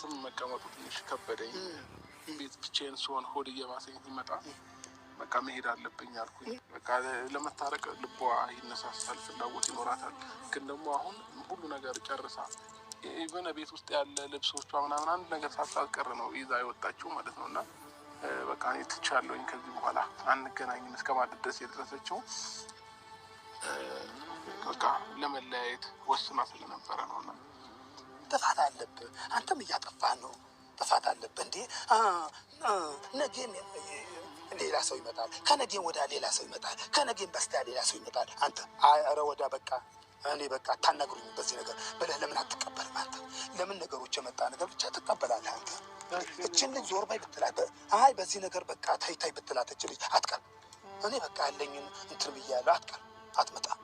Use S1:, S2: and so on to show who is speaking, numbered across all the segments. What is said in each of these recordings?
S1: ቤትም መቀመጡ ትንሽ ከበደኝ። ቤት ብቻዬን ስሆን ሆድ እየባሰኝ ሲመጣ በቃ መሄድ አለብኝ አልኩኝ። በቃ ለመታረቅ ልቧ ይነሳሳል፣ ፍላጎት ይኖራታል። ግን ደግሞ አሁን ሁሉ ነገር ጨርሳ ኢቨን ቤት ውስጥ ያለ ልብሶቿ ምናምን አንድ ነገር ሳታስቀር ነው ይዛ የወጣችው ማለት ነው። እና በቃ እኔ ትቻለሁኝ ከዚህ በኋላ አንገናኝም እስከ ማለት ድረስ የደረሰችው በቃ ለመለያየት ወስና ስለነበረ ነው እና
S2: ጥፋት አለብህ፣ አንተም እያጠፋህ ነው፣ ጥፋት አለብህ። እንዴ ነገም ሌላ ሰው ይመጣል፣ ከነገም ወዳ ሌላ ሰው ይመጣል፣ ከነገም በስቲያ ሌላ ሰው ይመጣል። አንተ አረ ወዳ በቃ እኔ በቃ አታናግሩኝ በዚህ ነገር ብለህ ለምን አትቀበልም? አንተ ለምን ነገሮች የመጣ ነገር ብቻ ትቀበላለህ? አንተ እችን ልጅ ዞር በይ ብትላት፣ አይ በዚህ ነገር በቃ ታይታይ ብትላት፣ እች ልጅ አትቀር። እኔ በቃ ያለኝን እንትን ብያለሁ፣ አትቀር፣ አትመጣም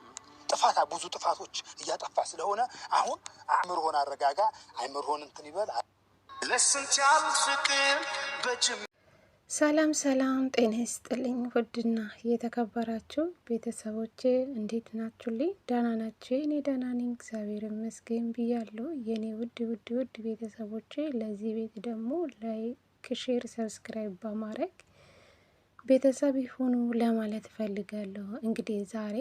S2: ጥፋት ብዙ ጥፋቶች እያጠፋ ስለሆነ አሁን አእምሮህን አረጋጋ። አእምሮህን እንትን ይበል። ለስንቻል
S3: ፍቅር ሰላም ሰላም፣ ጤና ይስጥልኝ ውድና እየተከበራችሁ ቤተሰቦቼ እንዴት ናችሁልኝ? ደህና ናችሁ? እኔ ደህና ነኝ እግዚአብሔር ይመስገን ብያለሁ። የእኔ ውድ ውድ ውድ ቤተሰቦቼ ለዚህ ቤት ደግሞ ላይክ፣ ሼር፣ ሰብስክራይብ በማድረግ ቤተሰብ ይሁኑ ለማለት እፈልጋለሁ። እንግዲህ ዛሬ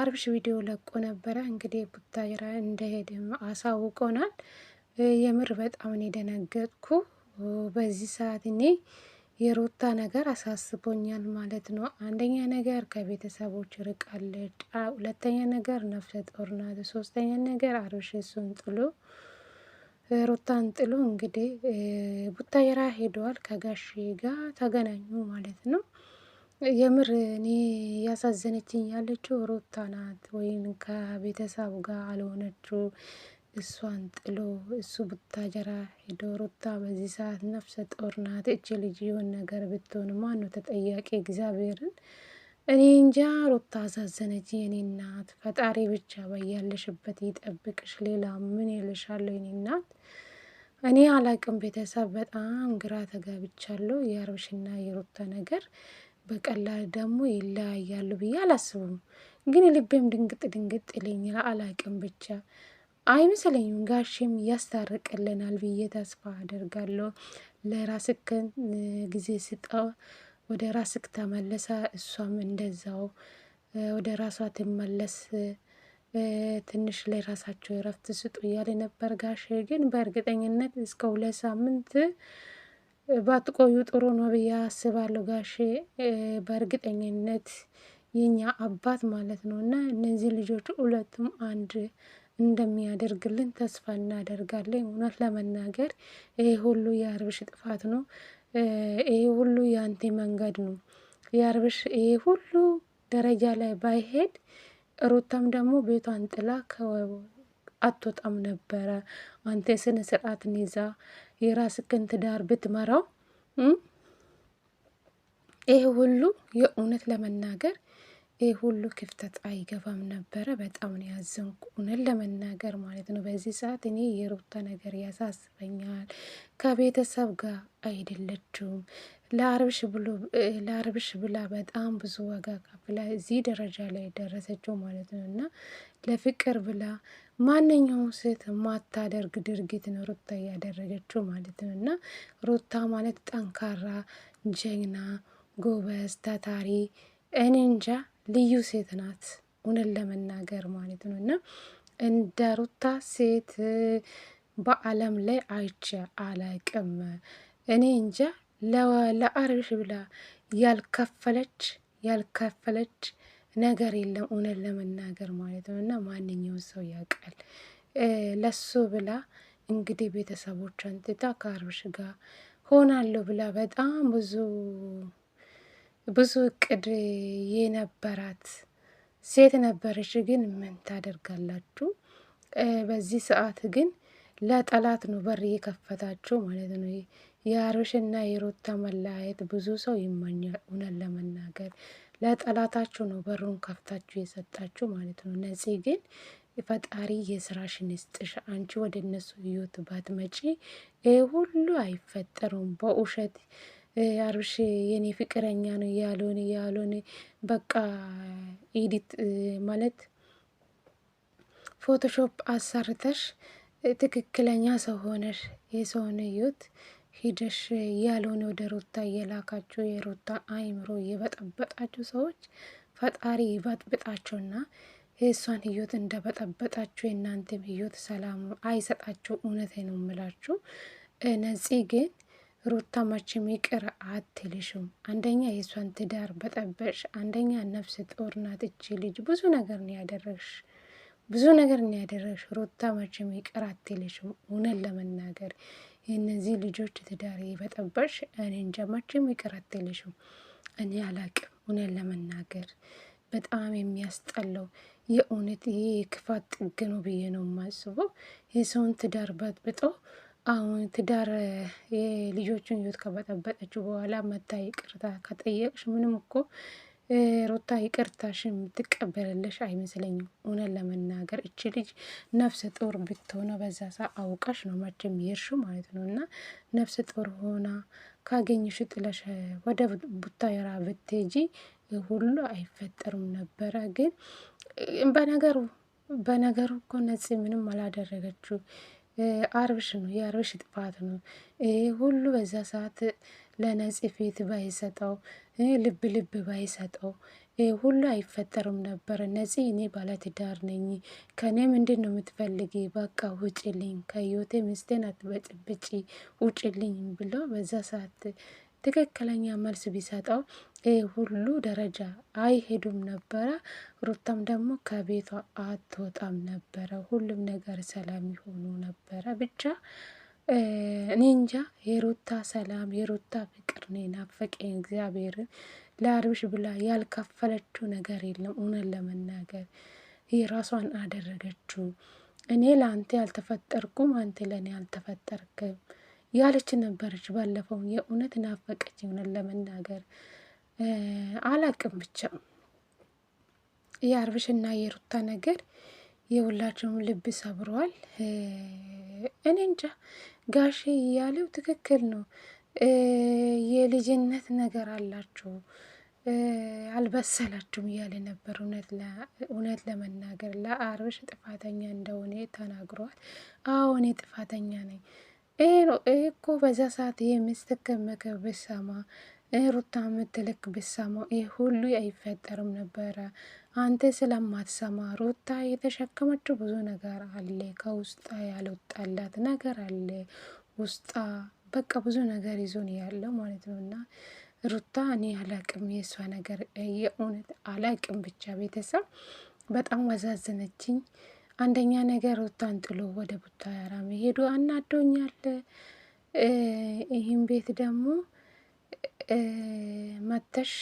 S3: አብርሽ ቪዲዮ ለቆ ነበረ። እንግዲህ ቡታጅራ እንደሄድ አሳውቆናል። የምር በጣም ነው የደነገጥኩ። በዚህ ሰዓት እኔ የሩታ ነገር አሳስቦኛል ማለት ነው። አንደኛ ነገር ከቤተሰቦች ርቃለች፣ ሁለተኛ ነገር ነፍሰ ጡር ናት፣ ሶስተኛ ነገር አብርሽ እሱን ጥሎ ሩታን ጥሎ እንግዲህ ቡታጅራ ሄደዋል። ከጋሽ ጋር ተገናኙ ማለት ነው። የምር እኔ ያሳዘነችኝ ያለችው ሩታ ናት። ወይም ከቤተሰቡ ጋር አልሆነችው እሷን ጥሎ እሱ ቡታጀራ ሄዶ ሩታ በዚህ ሰዓት ነፍሰ ጡር ናት። እች ልጅ የሆን ነገር ብትሆን ማነው ተጠያቂ? እግዚአብሔርን እኔ እንጃ። ሩታ አሳዘነች የኔ እናት። ፈጣሪ ብቻ በያለሽበት ይጠብቅሽ። ሌላ ምን ይልሻለሁ የኔ እናት? እኔ አላቅም። ቤተሰብ በጣም ግራ ተጋብቻለሁ። የአብርሽና የሩታ ነገር በቀላል ደግሞ ይለያያሉ ብዬ አላስብም። ግን ልቤም ድንግጥ ድንግጥ ይለኛል። አላቅም ብቻ አይመስለኝም ጋሽም ያስታርቅልናል ብዬ ተስፋ አደርጋለሁ። ለራስክን ጊዜ ስጠው፣ ወደ ራስክ ተመለሰ፣ እሷም እንደዛው ወደ ራሷ ትመለስ። ትንሽ ለራሳቸው እረፍት ስጡ እያለ ነበር ጋሽ። ግን በእርግጠኝነት እስከ ሁለት ሳምንት ባትቆዩ ጥሩ ነው ብዬ አስባለሁ ጋሼ በእርግጠኝነት የኛ አባት ማለት ነው። እና እነዚህ ልጆች ሁለቱም አንድ እንደሚያደርግልን ተስፋ እናደርጋለን። እውነት ለመናገር ይሄ ሁሉ የአብርሽ ጥፋት ነው። ይሄ ሁሉ የአንቴ መንገድ ነው። የአብርሽ ይሄ ሁሉ ደረጃ ላይ ባይሄድ ሩታም ደግሞ ቤቷን ጥላ አትወጣም ነበረ። አንተ ስነ ስርዓትን ይዛ ክንት ትዳር ብትመራው ይህ ሁሉ የእውነት ለመናገር ይህ ሁሉ ክፍተት አይገባም ነበረ። በጣም ነው ያዘንኩ፣ እውነት ለመናገር ማለት ነው። በዚህ ሰዓት እኔ የሩታ ነገር ያሳስበኛል። ከቤተሰብ ጋር አይደለችውም። ለአርብሽ ብላ በጣም ብዙ ዋጋ ከፍላ እዚህ ደረጃ ላይ ደረሰችው ማለት ነው እና ለፍቅር ብላ ማንኛውም ሴት ማታደርግ ድርጊት ነው ሩታ እያደረገችው ማለት ነው። እና ሩታ ማለት ጠንካራ፣ ጀግና፣ ጎበዝ፣ ታታሪ እኔ እንጃ ልዩ ሴት ናት እውነት ለመናገር ማለት ነው። እና እንደ ሩታ ሴት በዓለም ላይ አይቼ አላቅም። እኔ እንጃ ለአርሽ ብላ ያልከፈለች ያልከፈለች ነገር የለም እውነት ለመናገር ማለት ነው። እና ማንኛውም ሰው ያውቃል። ለሱ ብላ እንግዲህ ቤተሰቦቿን ትታ ከአብርሽ ጋር ሆናለሁ ብላ በጣም ብዙ ብዙ እቅድ የነበራት ሴት ነበረች። ግን ምን ታደርጋላችሁ? በዚህ ሰዓት ግን ለጠላት ነው በር የከፈታችሁ ማለት ነው። የአብርሽና የሩታ መለያየት ብዙ ሰው ይመኛል እውነት ለመናገር ለጠላታችሁ ነው በሩን ከፍታችሁ የሰጣችሁ ማለት ነው። ነፂ ግን ፈጣሪ የስራሽን ይስጥሽ። አንቺ ወደ እነሱ ህይወት ባትመጪ ይህ ሁሉ አይፈጠሩም። በውሸት አብርሽ የኔ ፍቅረኛ ነው ያልሆነ ያልሆነ በቃ ኢዲት ማለት ፎቶሾፕ አሰርተሽ ትክክለኛ ሰው ሆነሽ የሰውን ህይወት ሂደሽ ያለውን ወደ ሩታ እየላካችሁ የሩታ አይምሮ እየበጠበጣችሁ ሰዎች ፈጣሪ ይበጥብጣችሁና የእሷን ህይወት እንደበጠበጣችሁ የእናንተም ህይወት ሰላም አይሰጣችሁ። እውነት ነው የምላችሁ። ነፂ ግን ሩታ መቼም ይቅር አትልሽም። አንደኛ የእሷን ትዳር በጠበሽ፣ አንደኛ ነፍስ ጡር ናት እቺ ልጅ። ብዙ ነገር ነው ያደረግሽ፣ ብዙ ነገር ነው ያደረግሽ። ሩታ መቼም ይቅር አትልሽም እውነት ለመናገር የእነዚህ ልጆች ትዳር የበጠበሽ እኔ እንጃ መቼም ይቅር እኔ አላቅም እውነት ለመናገር በጣም የሚያስጠላው የእውነት ይህ የክፋት ጥግ ነው ብዬ ነው የማስበው። የሰውን ትዳር በጥብጦ አሁን ትዳር የልጆችን ሕይወት ከበጠበጠችው በኋላ መታ ይቅርታ ከጠየቅሽ ምንም እኮ ሩታ ይቅርታሽን የምትቀበልልሽ አይመስለኝም። እውነት ለመናገር እች ልጅ ነፍሰ ጡር ብትሆነ በዛ ሰ አውቃሽ ነው መቼም ይርሹ ማለት ነው እና ነፍሰ ጡር ሆና ካገኘሽ ጥለሽ ወደ ቡታየራ ብትጂ ሁሉ አይፈጠሩም ነበረ። ግን በነገሩ በነገሩ እኮ ነጽ ምንም አላደረገችው አርብሽ ነው የአርብሽ ጥፋት ነው ይሄ ሁሉ በዛ ሰዓት ለነጽፊት ፊት ባይሰጠው ልብ ልብ ባይሰጠው ሁሉ አይፈጠርም ነበር። ነጽ እኔ ባለትዳር ነኝ፣ ከኔ ምንድን ነው የምትፈልጊ? በቃ ውጭልኝ፣ ከህይወቴ ምስቴን አትበጭብጪ፣ ውጭልኝ ብሎ በዛ ሰዓት ትክክለኛ መልስ ቢሰጠው ሁሉ ደረጃ አይሄዱም ነበረ። ሩታም ደግሞ ከቤቷ አትወጣም ነበረ። ሁሉም ነገር ሰላም ይሆኑ ነበረ ብቻ እኔ እንጃ የሩታ ሰላም የሩታ ፍቅር ነው የናፈቀኝ። እግዚአብሔርን ለአብርሽ ብላ ያልከፈለችው ነገር የለም። እውነት ለመናገር የራሷን አደረገችው። እኔ ለአንተ ያልተፈጠርኩም አንተ ለእኔ ያልተፈጠርክም ያለች ነበረች ባለፈው። የእውነት ናፈቀች። እውነት ለመናገር አላቅም ብቻ የአርብሽና የሩታ ነገር የሁላችሁም ልብ ሰብሯል። እኔ እንጃ ጋሼ እያለው ትክክል ነው። የልጅነት ነገር አላችሁ አልበሰላችሁም እያለ ነበር። እውነት ለመናገር ለአብርሽ ጥፋተኛ እንደሆነ ተናግሯል። አዎ እኔ ጥፋተኛ ነኝ። ይሄ እኮ በዛ ሰዓት የምስትከመከ ብሰማ ሩታ ምትልክ ብሰማው ይህ ሁሉ አይፈጠርም ነበረ። አንተ ስለማትሰማ ሩታ የተሸከመችው ብዙ ነገር አለ። ከውስጣ ያልወጣላት ነገር አለ። ውስጣ በቃ ብዙ ነገር ይዞን ያለው ማለት ነው እና ሩታ እኔ አላቅም፣ የእሷ ነገር የእውነት አላቅም። ብቻ ቤተሰብ በጣም ወዛዘነችኝ። አንደኛ ነገር ሩታን ጥሎ ወደ ቡታ ያራ መሄዱ አናዶኛል። ይህም ቤት ደግሞ መተሽ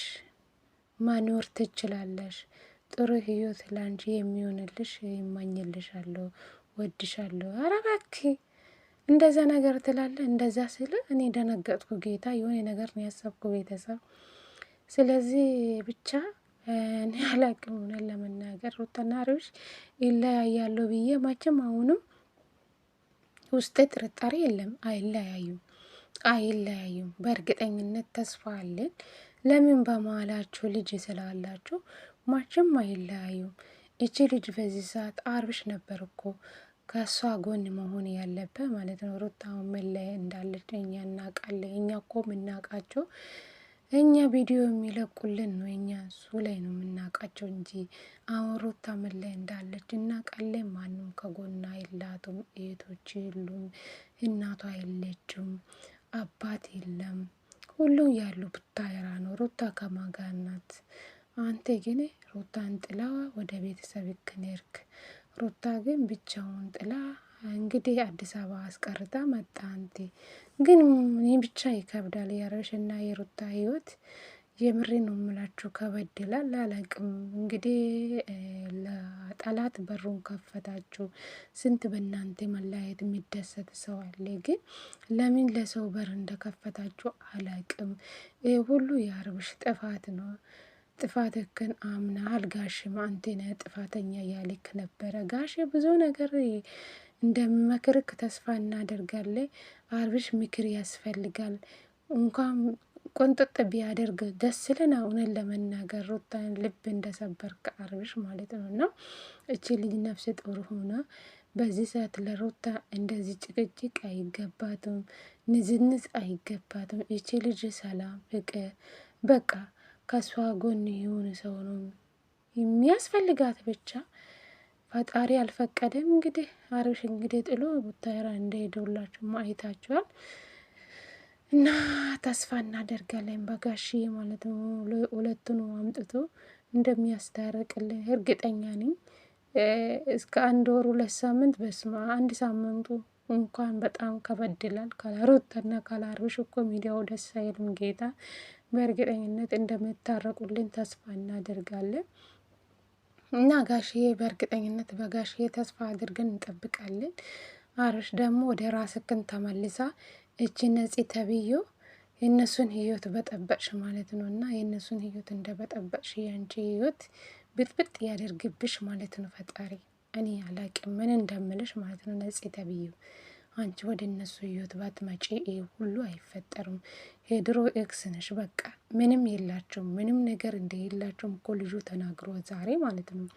S3: መኖር ትችላለሽ። ጥሩ ህይወት ላንቺ የሚሆንልሽ ይማኝልሻለሁ፣ ወድሻለሁ። ኧረ እባክህ እንደዛ ነገር ትላለህ። እንደዛ ስል እኔ ደነገጥኩ። ጌታ የሆነ ነገር ነው ያሰብኩ ቤተሰብ። ስለዚህ ብቻ እኔ አላቅም ሆነን ለመናገር ሩተናሪዎች ይለያያሉ ብዬ መቼም አሁንም ውስጤ ጥርጣሬ የለም፣ አይለያዩም። አይለያዩም። በእርግጠኝነት ተስፋ አለን። ለምን በመሀላችሁ ልጅ ስላላችሁ ማችም አይለያዩም። እቺ ልጅ በዚህ ሰዓት አብርሽ ነበር እኮ ከእሷ ጎን መሆን ያለበ ማለት ነው። ሩታ መለየ እንዳለች እኛ እናቃለን። እኛ እኮ የምናቃቸው እኛ ቪዲዮ የሚለቁልን ነው። እኛ እሱ ላይ ነው የምናቃቸው እንጂ አሁን ሩታ መለየ እንዳለች እናቃለን። ማንም ከጎና የላቱም። እህቶች የሉም። እናቷ የለችም። አባት የለም። ሁሉም ያሉ ቡታየራ ነው። ሩታ ከማጋናት ናት። አንተ ግን ሩታን ጥላ ወደ ቤተሰብ ክንርክ ሩታ ግን ብቻውን ጥላ እንግዲህ አዲስ አበባ አስቀርታ መጣ። አንቴ ግን ብቻ ይከብዳል። የአብርሽና የሩታ ህይወት የምሬ ነው የምላችሁ ከበድ ይላል። አላቅም እንግዲህ ለጠላት በሩን ከፈታችሁ። ስንት በእናንተ መለያየት የሚደሰት ሰው አለ። ግን ለምን ለሰው በር እንደከፈታችሁ አላቅም። ይህ ሁሉ የአብርሽ ጥፋት ነው። ጥፋትህን አምነሃል ጋሼም አንተ ጥፋተኛ ያልክ ነበረ። ጋሽ። ብዙ ነገር እንደሚመክርክ ተስፋ እናደርጋለን። አብርሽ ምክር ያስፈልጋል እንኳን ቆንጥጥ ቢያደርግ ደስ ልን አሁንን ለመናገር ሩታን ልብ እንደሰበርከ አብርሽ ማለት ነው። እና እቺ ልጅ ነፍሰ ጡር ሆና በዚህ ሰዓት ለሩታ እንደዚህ ጭቅጭቅ አይገባትም፣ ንዝንዝ አይገባትም። እቺ ልጅ ሰላም፣ ፍቅር በቃ ከሷ ጎን የሆነ ሰው ነው የሚያስፈልጋት ብቻ ፈጣሪ አልፈቀደም። እንግዲህ አብርሽ እንግዲህ ጥሎ ቡታራ እንደሄደውላችሁ አይታችኋል። እና ተስፋ እናደርጋለን በጋሺ ማለት ነው ሁለቱን አምጥቶ እንደሚያስታርቅልን እርግጠኛ ነኝ። እስከ አንድ ወር ሁለት ሳምንት በስማ አንድ ሳምንቱ እንኳን በጣም ከበድላል። ካላሮተና ካላርብሽ እኮ ሚዲያው ደስ አይልም። ጌታ በእርግጠኝነት እንደምታረቁልን ተስፋ እናደርጋለን እና ጋሽዬ በእርግጠኝነት በጋሽዬ ተስፋ አድርገን እንጠብቃለን። አርብሽ ደግሞ ወደ ራስክን ተመልሳ እች ነጽ ተብዮ የእነሱን ህይወት በጠበቅሽ ማለት ነው። እና የእነሱን ህይወት እንደበጠበቅሽ የአንቺ ህይወት ብጥብጥ ያደርግብሽ ማለት ነው ፈጣሪ። እኔ አላቅም ምን እንደምልሽ ማለት ነው። ነጽ ተብዮ አንቺ ወደ እነሱ ህይወት ባትመጪ ይህ ሁሉ አይፈጠርም። የድሮ ኤክስ ነሽ በቃ ምንም የላቸውም፣ ምንም ነገር እንደሌላቸውም እኮ ልጁ ተናግሮ ዛሬ ማለት ነው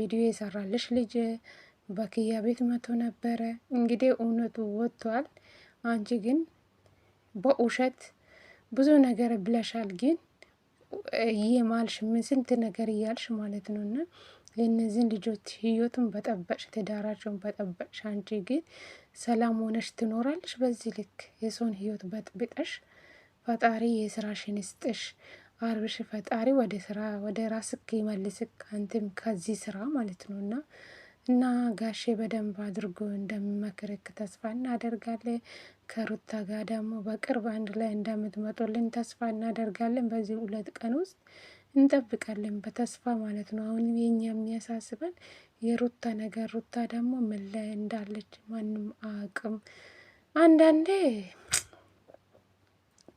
S3: ቪዲዮ የሰራልሽ ልጅ በኪያ ቤት መቶ ነበረ። እንግዲህ እውነቱ ወጥቷል። አንቺ ግን በውሸት ብዙ ነገር ብለሻል። ግን የማልሽ ምን ስንት ነገር እያልሽ ማለት ነው እና የእነዚህን ልጆች ህይወቱን በጠበቅሽ፣ ትዳራቸውን በጠበቅሽ። አንቺ ግን ሰላም ሆነሽ ትኖራለሽ። በዚህ ልክ የሰውን ህይወት በጥብጠሽ ፈጣሪ የስራሽን ስጥሽ። አርብሽ ፈጣሪ ወደ ስራ ወደ ራስክ ይመልስክ፣ አንትም ከዚህ ስራ ማለት ነው እና እና ጋሼ በደንብ አድርጎ እንደሚመክርክ ተስፋ እናደርጋለን። ከሩታ ጋር ደግሞ በቅርብ አንድ ላይ እንደምትመጡልን ተስፋ እናደርጋለን። በዚህ ሁለት ቀን ውስጥ እንጠብቃለን በተስፋ ማለት ነው። አሁን የኛ የሚያሳስበን የሩታ ነገር፣ ሩታ ደግሞ ምን ላይ እንዳለች ማንም አቅም አንዳንዴ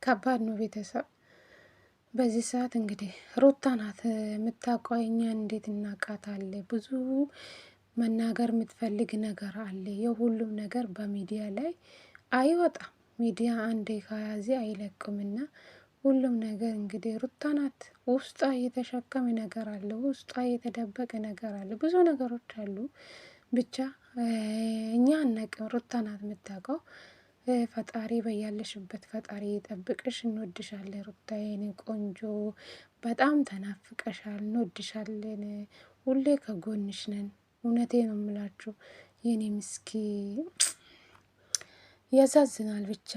S3: ከባድ ነው ቤተሰብ በዚህ ሰዓት እንግዲህ ሩታ ናት የምታውቀው፣ እኛ እንዴት እናቃታለን ብዙ መናገር የምትፈልግ ነገር አለ። የሁሉም ነገር በሚዲያ ላይ አይወጣም። ሚዲያ አንዴ ከያዜ አይለቅምና ሁሉም ነገር እንግዲህ ሩታ ናት። ውስጧ የተሸከመ ነገር አለ፣ ውስጧ የተደበቀ ነገር አለ፣ ብዙ ነገሮች አሉ። ብቻ እኛ አናቅም፣ ሩታ ናት የምታውቀው። ፈጣሪ በያለሽበት ፈጣሪ ጠብቅሽ። እንወድሻለን ሩታዬን፣ ቆንጆ በጣም ተናፍቀሻል፣ እንወድሻለን፣ ሁሌ ከጎንሽ ነን። እውነቴ ነው የምላችሁ የኔ ምስኪ ያሳዝናል ብቻ